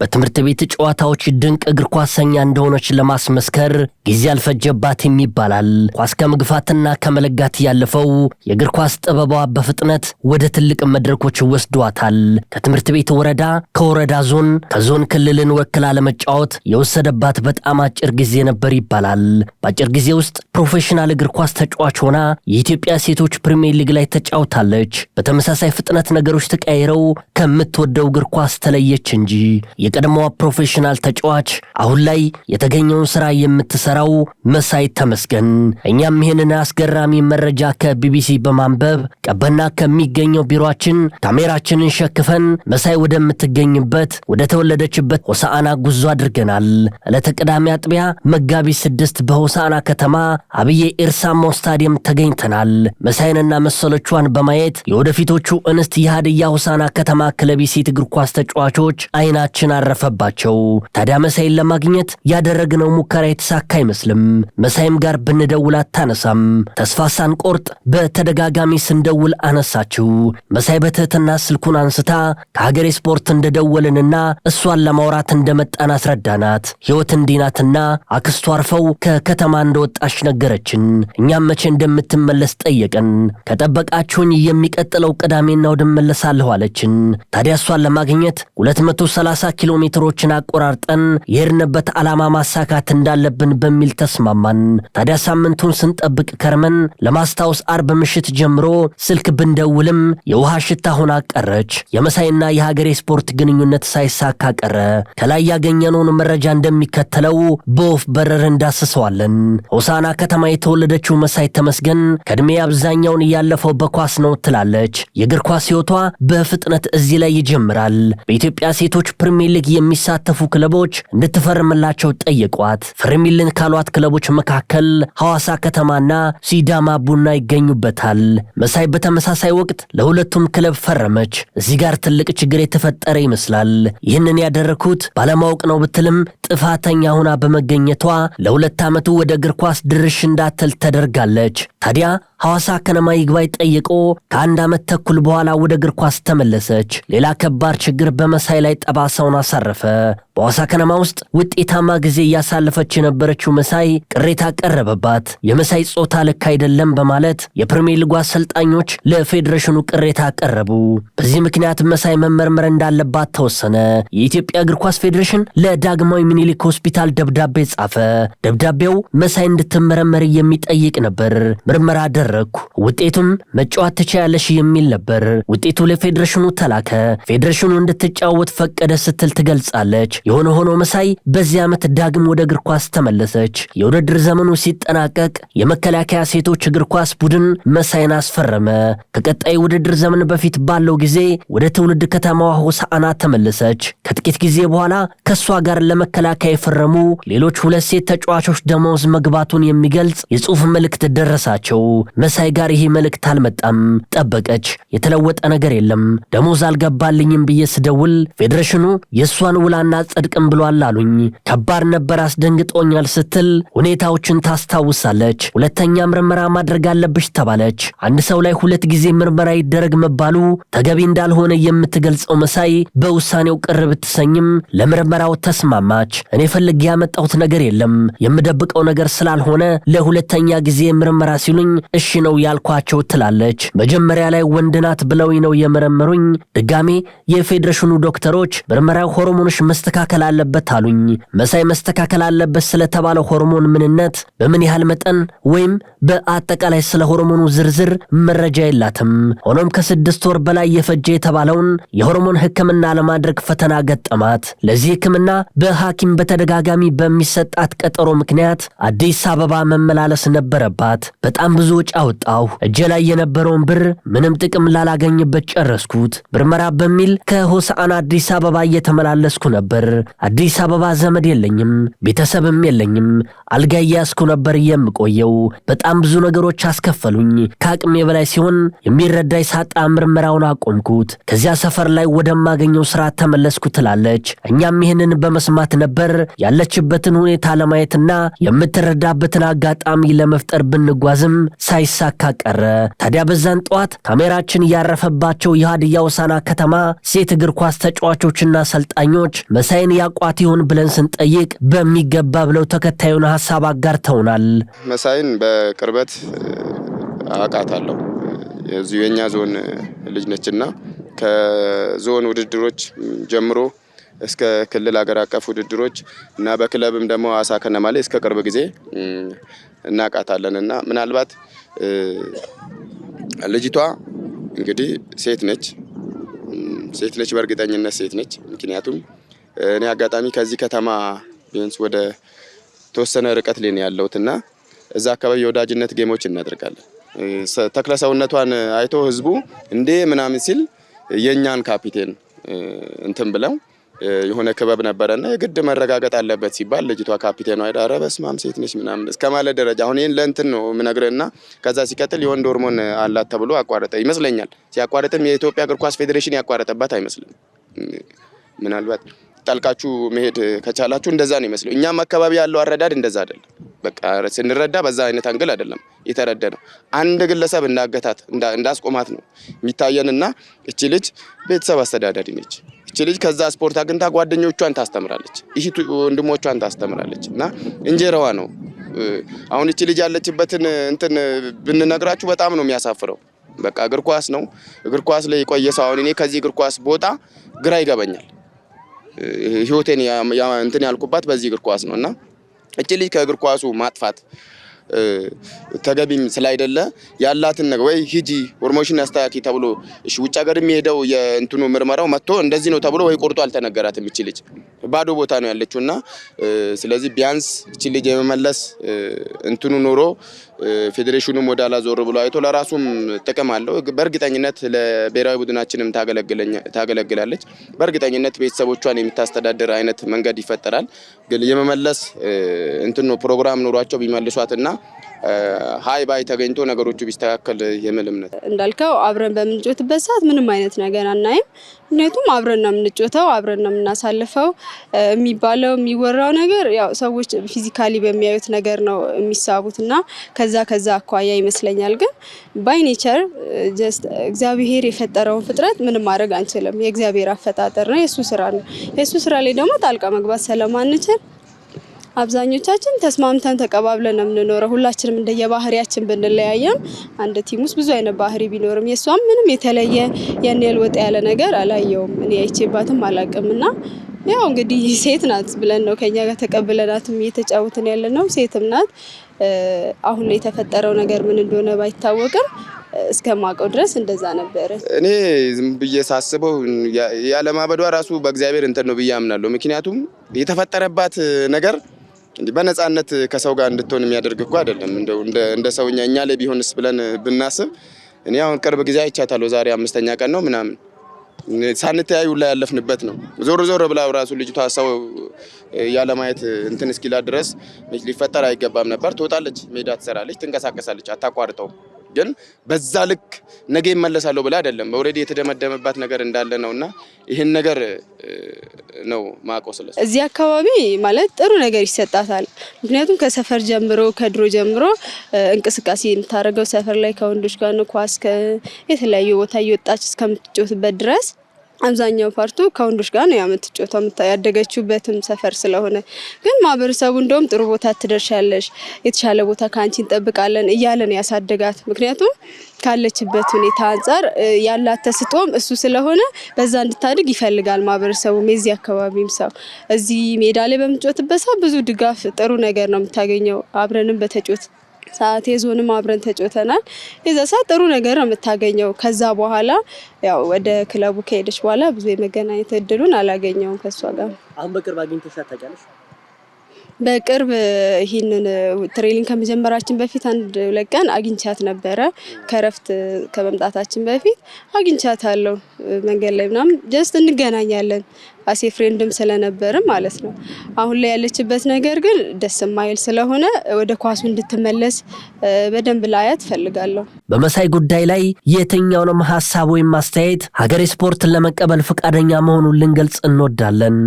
በትምህርት ቤት ጨዋታዎች ድንቅ እግር ኳሰኛ እንደሆነች ለማስመስከር ጊዜ አልፈጀባትም ይባላል። ኳስ ከመግፋትና ከመለጋት ያለፈው የእግር ኳስ ጥበቧ በፍጥነት ወደ ትልቅ መድረኮች ወስዷታል። ከትምህርት ቤት ወረዳ፣ ከወረዳ ዞን፣ ከዞን ክልልን ወክላ ለመጫወት የወሰደባት በጣም አጭር ጊዜ ነበር ይባላል። በአጭር ጊዜ ውስጥ ፕሮፌሽናል እግር ኳስ ተጫዋች ሆና የኢትዮጵያ ሴቶች ፕሪሚየር ሊግ ላይ ተጫውታለች። በተመሳሳይ ፍጥነት ነገሮች ተቀያይረው ከምትወደው እግር ኳስ ተለየች እንጂ የቀድሞዋ ፕሮፌሽናል ተጫዋች አሁን ላይ የተገኘውን ስራ የምትሰራው መሳይ ተመስገን። እኛም ይህንን አስገራሚ መረጃ ከቢቢሲ በማንበብ ቀበና ከሚገኘው ቢሮችን ካሜራችንን ሸክፈን መሳይ ወደምትገኝበት ወደ ተወለደችበት ሆሳአና ጉዞ አድርገናል። ዕለተ ቅዳሜ አጥቢያ መጋቢት ስድስት በሆሳአና ከተማ አብዬ ኤርሳሞ ስታዲየም ተገኝተናል። መሳይንና መሰሎቿን በማየት የወደፊቶቹ እንስት የሀድያ ሆሳና ከተማ ክለቢሲት እግር ኳስ ተጫዋቾች አይናችን አረፈባቸው። ታዲያ መሳይን ለማግኘት ያደረግነው ሙከራ የተሳካ አይመስልም። መሳይም ጋር ብንደውል አታነሳም። ተስፋ ሳንቆርጥ በተደጋጋሚ ስንደውል አነሳችው። መሳይ በትህትና ስልኩን አንስታ ከሀገሬ ስፖርት እንደደወልንና እሷን ለማውራት እንደመጣን አስረዳናት። ህይወት እንዲናትና አክስቱ አርፈው ከከተማ እንደወጣች ነገረችን። እኛም መቼ እንደምትመለስ ጠየቀን። ከጠበቃችሁኝ የሚቀጥለው ቅዳሜና እሁድ እመለሳለሁ አለችን። ታዲያ እሷን ለማግኘት 230 ኪሎ ሜትሮችን አቆራርጠን የሄድንበት ዓላማ ማሳካት እንዳለብን በሚል ተስማማን። ታዲያ ሳምንቱን ስንጠብቅ ከርመን ለማስታወስ አርብ ምሽት ጀምሮ ስልክ ብንደውልም የውሃ ሽታ ሆና ቀረች። የመሳይና የሀገሬ ስፖርት ግንኙነት ሳይሳካ ቀረ። ከላይ ያገኘነውን መረጃ እንደሚከተለው በወፍ በረር እንዳስሰዋለን። ሆሳና ከተማ የተወለደችው መሳይ ተመስገን ከዕድሜ አብዛኛውን እያለፈው በኳስ ነው ትላለች። የእግር ኳስ ሕይወቷ በፍጥነት እዚህ ላይ ይጀምራል። በኢትዮጵያ ሴቶች ፕሪሚየር በፕሪሚየር ሊግ የሚሳተፉ ክለቦች እንድትፈርምላቸው ጠየቋት። ፈርሚልን ካሏት ክለቦች መካከል ሐዋሳ ከተማና ሲዳማ ቡና ይገኙበታል። መሳይ በተመሳሳይ ወቅት ለሁለቱም ክለብ ፈረመች። እዚህ ጋር ትልቅ ችግር የተፈጠረ ይመስላል። ይህንን ያደረግኩት ባለማወቅ ነው ብትልም ጥፋተኛ ሆና በመገኘቷ ለሁለት ዓመቱ ወደ እግር ኳስ ድርሽ እንዳትል ተደርጋለች። ታዲያ ሐዋሳ ከነማ ይግባይ ጠይቆ ከአንድ ዓመት ተኩል በኋላ ወደ እግር ኳስ ተመለሰች። ሌላ ከባድ ችግር በመሳይ ላይ ጠባሳው። ራሷን አሳረፈ። በሐዋሳ ከነማ ውስጥ ውጤታማ ጊዜ እያሳለፈች የነበረችው መሳይ ቅሬታ ቀረበባት። የመሳይ ጾታ ልክ አይደለም በማለት የፕሪሚየር ሊጉ አሰልጣኞች ለፌዴሬሽኑ ቅሬታ ቀረቡ። በዚህ ምክንያት መሳይ መመርመር እንዳለባት ተወሰነ። የኢትዮጵያ እግር ኳስ ፌዴሬሽን ለዳግማዊ ምኒልክ ሆስፒታል ደብዳቤ ጻፈ። ደብዳቤው መሳይ እንድትመረመር የሚጠይቅ ነበር። ምርመራ አደረግኩ፣ ውጤቱም መጫወት ትችያለሽ የሚል ነበር። ውጤቱ ለፌዴሬሽኑ ተላከ። ፌዴሬሽኑ እንድትጫወት ፈቀደ ስትል ስትል ትገልጻለች። የሆነ ሆኖ መሳይ በዚህ ዓመት ዳግም ወደ እግር ኳስ ተመለሰች። የውድድር ዘመኑ ሲጠናቀቅ የመከላከያ ሴቶች እግር ኳስ ቡድን መሳይን አስፈረመ። ከቀጣይ ውድድር ዘመን በፊት ባለው ጊዜ ወደ ትውልድ ከተማዋ ሆሳዕና ተመለሰች። ከጥቂት ጊዜ በኋላ ከእሷ ጋር ለመከላከያ የፈረሙ ሌሎች ሁለት ሴት ተጫዋቾች ደመወዝ መግባቱን የሚገልጽ የጽሑፍ መልእክት ደረሳቸው። መሳይ ጋር ይሄ መልእክት አልመጣም። ጠበቀች። የተለወጠ ነገር የለም። ደሞዝ አልገባልኝም ብዬ ስደውል ፌዴሬሽኑ የእሷን ውላና ጸድቅም ብሏል አሉኝ። ከባድ ነበር፣ አስደንግጦኛል ስትል ሁኔታዎችን ታስታውሳለች። ሁለተኛ ምርመራ ማድረግ አለብሽ ተባለች። አንድ ሰው ላይ ሁለት ጊዜ ምርመራ ይደረግ መባሉ ተገቢ እንዳልሆነ የምትገልጸው መሳይ በውሳኔው ቅር ብትሰኝም ለምርመራው ተስማማች። እኔ ፈልጌ ያመጣሁት ነገር የለም የምደብቀው ነገር ስላልሆነ ለሁለተኛ ጊዜ ምርመራ ሲሉኝ እሺ ነው ያልኳቸው ትላለች። መጀመሪያ ላይ ወንድናት ብለውኝ ነው የመረመሩኝ። ድጋሜ የፌዴሬሽኑ ዶክተሮች ምርመራ ሆርሞኖች መስተካከል አለበት አሉኝ። መሳይ መስተካከል አለበት ስለተባለ ሆርሞን ምንነት በምን ያህል መጠን ወይም በአጠቃላይ ስለ ሆርሞኑ ዝርዝር መረጃ የላትም። ሆኖም ከስድስት ወር በላይ የፈጀ የተባለውን የሆርሞን ሕክምና ለማድረግ ፈተና ገጠማት። ለዚህ ሕክምና በሐኪም በተደጋጋሚ በሚሰጣት ቀጠሮ ምክንያት አዲስ አበባ መመላለስ ነበረባት። በጣም ብዙ ወጪ አወጣሁ። እጄ ላይ የነበረውን ብር ምንም ጥቅም ላላገኝበት ጨረስኩት። ምርመራ በሚል ከሆሳዕና አዲስ አበባ እየተ እየተመላለስኩ ነበር። አዲስ አበባ ዘመድ የለኝም፣ ቤተሰብም የለኝም። አልጋ እያስኩ ነበር የምቆየው። በጣም ብዙ ነገሮች አስከፈሉኝ። ከአቅሜ በላይ ሲሆን የሚረዳኝ ሳጣ ምርመራውን አቆምኩት። ከዚያ ሰፈር ላይ ወደማገኘው ስራ ተመለስኩ ትላለች። እኛም ይህንን በመስማት ነበር ያለችበትን ሁኔታ ለማየትና የምትረዳበትን አጋጣሚ ለመፍጠር ብንጓዝም ሳይሳካ ቀረ። ታዲያ በዛን ጠዋት ካሜራችን ያረፈባቸው የሀዲያ ሆሳዕና ከተማ ሴት እግር ኳስ ተጫዋቾችና አሰልጣኞች መሳይን ያቋት ይሆን ብለን ስንጠይቅ በሚገባ ብለው ተከታዩን ሀሳብ አጋርተውናል። መሳይን በቅርበት አውቃታለሁ። የዚሁ የእኛ ዞን ልጅ ነችና ከዞን ውድድሮች ጀምሮ እስከ ክልል ሀገር አቀፍ ውድድሮች እና በክለብም ደግሞ አሳ ከነማሌ እስከ ቅርብ ጊዜ እናውቃታለን እና ምናልባት ልጅቷ እንግዲህ ሴት ነች ሴት ነች፣ በእርግጠኝነት ሴት ነች። ምክንያቱም እኔ አጋጣሚ ከዚህ ከተማ ቢያንስ ወደ ተወሰነ ርቀት ላይ ነው ያለሁት እና እዛ አካባቢ የወዳጅነት ጌሞች እናደርጋለን። ተክለ ሰውነቷን አይቶ ህዝቡ እንዴ ምናምን ሲል የእኛን ካፒቴን እንትን ብለው የሆነ ክበብ ነበረና የግድ መረጋገጥ አለበት ሲባል ልጅቷ ካፒቴኗ ሄዳ ኧረ በስመ አብ ሴት ነች ምናምን እስከ ማለት ደረጃ አሁን ይህን ለእንትን ነው የምነግርህና ከዛ ሲቀጥል የወንድ ሆርሞን አላት ተብሎ አቋረጠ ይመስለኛል። ሲያቋረጥም የኢትዮጵያ እግር ኳስ ፌዴሬሽን ያቋረጠባት አይመስልም። ምናልባት ጠልቃችሁ መሄድ ከቻላችሁ እንደዛ ነው ይመስለው። እኛም አካባቢ ያለው አረዳድ እንደዛ አይደለም። በቃ ስንረዳ በዛ አይነት አንግል አይደለም የተረደ ነው። አንድ ግለሰብ እንዳገታት እንዳስቆማት ነው የሚታየንና እቺ ልጅ ቤተሰብ አስተዳዳሪ ነች። እች ልጅ ከዛ ስፖርት አግኝታ ጓደኞቿን ታስተምራለች፣ እህት ወንድሞቿን ታስተምራለች እና እንጀራዋ ነው። አሁን እች ልጅ ያለችበትን እንትን ብንነግራችሁ በጣም ነው የሚያሳፍረው። በቃ እግር ኳስ ነው። እግር ኳስ ላይ የቆየ ሰው አሁን እኔ ከዚህ እግር ኳስ ቦታ ግራ ይገበኛል ህይወቴን እንትን ያልኩባት በዚህ እግር ኳስ ነው እና ልጅ ከእግር ኳሱ ማጥፋት ተገቢም ስላይደለ ያላትን ነገር ወይ ሂጂ ሆርሞሽን አስተካኪ ተብሎ እሺ፣ ውጭ ሀገር የሚሄደው የእንትኑ ምርመራው መጥቶ እንደዚህ ነው ተብሎ ወይ ቆርጦ አልተነገራትም ይቺ ልጅ። ባዶ ቦታ ነው ያለችው እና ስለዚህ ቢያንስ እቺ ልጅ የመመለስ እንትኑ ኖሮ ፌዴሬሽኑም ወደ ኋላ ዞር ብሎ አይቶ ለራሱም ጥቅም አለው። በእርግጠኝነት ለብሔራዊ ቡድናችንም ታገለግላለች። በእርግጠኝነት ቤተሰቦቿን የሚታስተዳድር አይነት መንገድ ይፈጠራል። ግን የመመለስ እንትኑ ፕሮግራም ኖሯቸው ቢመልሷትና ሀይ ባይ ተገኝቶ ነገሮቹ ቢስተካከል የምል እምነት እንዳልከው አብረን በምንጮትበት ሰዓት ምንም አይነት ነገር አናይም። ምክንያቱም አብረን ነው የምንጮተው፣ አብረን ነው የምናሳልፈው። የሚባለው የሚወራው ነገር ያው ሰዎች ፊዚካሊ በሚያዩት ነገር ነው የሚሳቡት እና ከዛ ከዛ አኳያ ይመስለኛል። ግን ባይ ኔቸር ጀስት እግዚአብሔር የፈጠረውን ፍጥረት ምንም ማድረግ አንችልም። የእግዚአብሔር አፈጣጠር ነው፣ የእሱ ስራ ነው። የእሱ ስራ ላይ ደግሞ ጣልቃ መግባት ስለማንችል አብዛኞቻችን ተስማምተን ተቀባብለን ነው የምንኖረው። ሁላችንም እንደየባህሪያችን ብንለያየም አንድ ቲም ውስጥ ብዙ አይነት ባህሪ ቢኖርም የእሷም ምንም የተለየ የኔል ወጥ ያለ ነገር አላየውም። እኔ አይቼባትም አላቅም እና ያው እንግዲህ ሴት ናት ብለን ነው ከኛ ጋር ተቀብለናትም እየተጫወትን ያለ ነው። ሴትም ናት። አሁን ላይ የተፈጠረው ነገር ምን እንደሆነ ባይታወቅም እስከ ድረስ እንደዛ ነበረ። እኔ ዝም ብዬ ሳስበው ያለማበዷ ራሱ በእግዚአብሔር እንትን ነው ብዬ አምናለሁ። ምክንያቱም የተፈጠረባት ነገር በነፃነት ከሰው ጋር እንድትሆን የሚያደርግ እኮ አይደለም። እንደው እንደ ሰው እኛ ላይ ቢሆንስ ብለን ብናስብ እኔ አሁን ቅርብ ጊዜ አይቻታለሁ። ዛሬ አምስተኛ ቀን ነው ምናምን ሳንተያዩ ላይ ያለፍንበት ነው። ዞር ዞር ብላ ራሱ ልጅቷ ሰው ያለማየት እንትን እስኪላ ድረስ ሊፈጠር አይገባም ነበር። ትወጣለች፣ ሜዳ ትሰራለች፣ ትንቀሳቀሳለች፣ አታቋርጠውም። ግን በዛ ልክ ነገ ይመለሳለሁ ብላ አይደለም። ኦልሬዲ የተደመደመባት ነገር እንዳለ ነው እና ይህን ነገር ነው ማቆስ ስለ እዚህ አካባቢ ማለት ጥሩ ነገር ይሰጣታል። ምክንያቱም ከሰፈር ጀምሮ ከድሮ ጀምሮ እንቅስቃሴ የምታደርገው ሰፈር ላይ ከወንዶች ጋር ነው። ኳስ የተለያዩ ቦታ እየወጣች እስከምትጮትበት ድረስ አብዛኛው ፓርቱ ከወንዶች ጋር ነው ያምትጫወተው ያደገችበትም ሰፈር ስለሆነ፣ ግን ማህበረሰቡ እንደውም ጥሩ ቦታ ትደርሻለሽ፣ የተሻለ ቦታ ከአንቺ እንጠብቃለን እያለን ያሳደጋት። ምክንያቱም ካለችበት ሁኔታ አንጻር ያላት ተስጦም እሱ ስለሆነ በዛ እንድታድግ ይፈልጋል ማህበረሰቡ። የዚህ አካባቢም ሰው እዚህ ሜዳ ላይ በምትጮትበት ብዙ ድጋፍ ጥሩ ነገር ነው የምታገኘው አብረንም በተጮት ሰዓት የዞንም አብረን ተጫውተናል። የዛ ሰዓት ጥሩ ነገር ነው የምታገኘው። ከዛ በኋላ ያው ወደ ክለቡ ከሄደች በኋላ ብዙ የመገናኘት እድሉን አላገኘውም ከእሷ ጋር። አሁን በቅርብ አግኝተሻት ታውቂያለሽ? በቅርብ ይህንን ትሬኒንግ ከመጀመራችን በፊት አንድ ሁለት ቀን አግኝቻት ነበረ። ከረፍት ከመምጣታችን በፊት አግኝቻት አለው መንገድ ላይ ምናምን ጀስት እንገናኛለን አሴ ፍሬንድም ስለነበር ማለት ነው። አሁን ላይ ያለችበት ነገር ግን ደስ የማይል ስለሆነ ወደ ኳሱ እንድትመለስ በደንብ ላያት ፈልጋለሁ። በመሳይ ጉዳይ ላይ የትኛውንም ሀሳብ ወይም አስተያየት ሀገሬ ስፖርትን ለመቀበል ፈቃደኛ መሆኑን ልንገልጽ እንወዳለን።